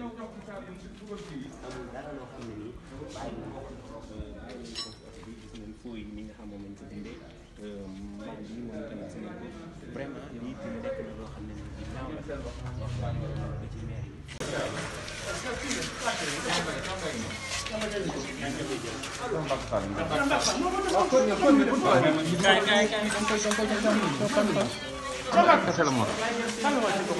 ñëw jox ko caabi ci dugal fii. amul dara loo xam ne nii bàyyi nañ ko bàyyi ko bi gis nañ fooy mi nga xam moom lañ ko dindee man lii moom tamit gis nañ ko vraiment lii dina nekk na loo xam ne nii di naaw la wax ba ci maire yi. waaw.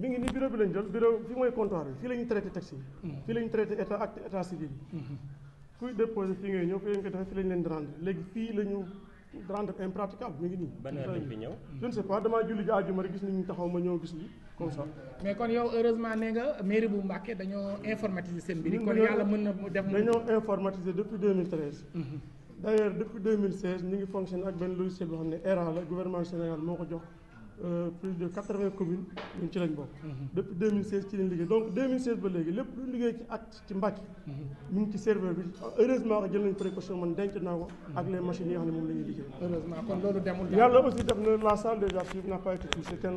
mi ngi nii bureau bi lañ jël bureau fii mooy comptoir bi fii la ñu traité taxi yi. Mm-hmm. fii la ñu traité état acte état civil yi. Mm-hmm. kuy déposé fii ngay ñëw fii la ñu fii la ñu leen di rendre léegi fii la ñu rendre impraticable mi ngi nii. ban heure lañ fi ñëw. je ne sais pas damaa julli ji àjjuma rek gis nañ taxaw ma ñëw gis li comme ça. mais kon yow heureusement nee nga mairie bu Mbacké dañoo informatiser seen mbir yi. kon yàlla mën na def. dañoo informatiser depuis 2013. d' ailleurs depuis 2016 ñu ngi fonctionné ak benn logiciel boo xam ne ERA la gouvernement Sénégal moo ko jox euh, plus de 80 communes ñun ci lañ bokk. Mhm. depuis 2016 ci lañ liggéey donc 2016 ba léegi lépp lu liggéey ci acte ci Mbacké. Mhm. ñu ngi ci serveur bi heureusement que jël nañ précaution man denc naa ko. Mhm. ak les machines yi xam ne moom la liggéey. heureusement kon loolu demul. yàlla aussi def na la salle des archives n'a pas été touchée kenn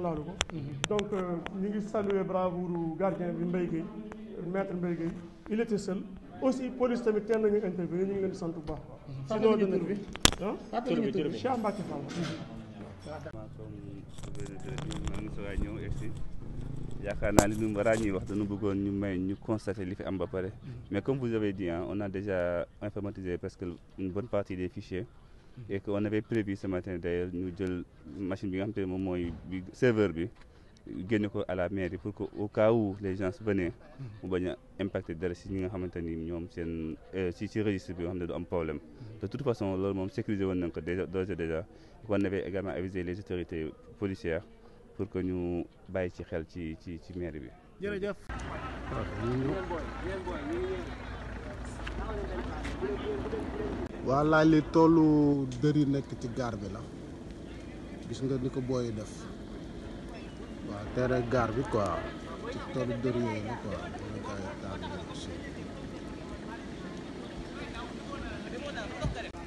aussi police tamit teel nañu intervenir ñu ngi leen di sant bu baax. sinon dana bi ah tur bi tur yaakaar naa li ñu war a ñuy wax dañu bëggoon ñu may ñu constater li fi am ba pare mais comme vous avez dit hein, on a déjà informatisé presque une bonne partie des fichiers et qu'on avait prévu ce matin d'ailleurs ñu jël machine bi nga xam te moom mooy bi serveur bi génne ko à la mairie pour que au cas où les mu bañ a impacté dara si ñi nga xamante ni ñoom seen euh, si si registre bi nga ne du am problème de toute façon loolu moom sécuriser woon nañ ko déjà déjà déjà on avait également avisé les autorités policières pour que ñu bàyyi ci xel ci ci ci mairie bi. jërëjëf. waa laaj li toolu dëri nekk ci gaar bi la gis nga ni ko booy def. waaw terrain gare bi quoi ci territoire yooyu la quoi loolu gars yi daal di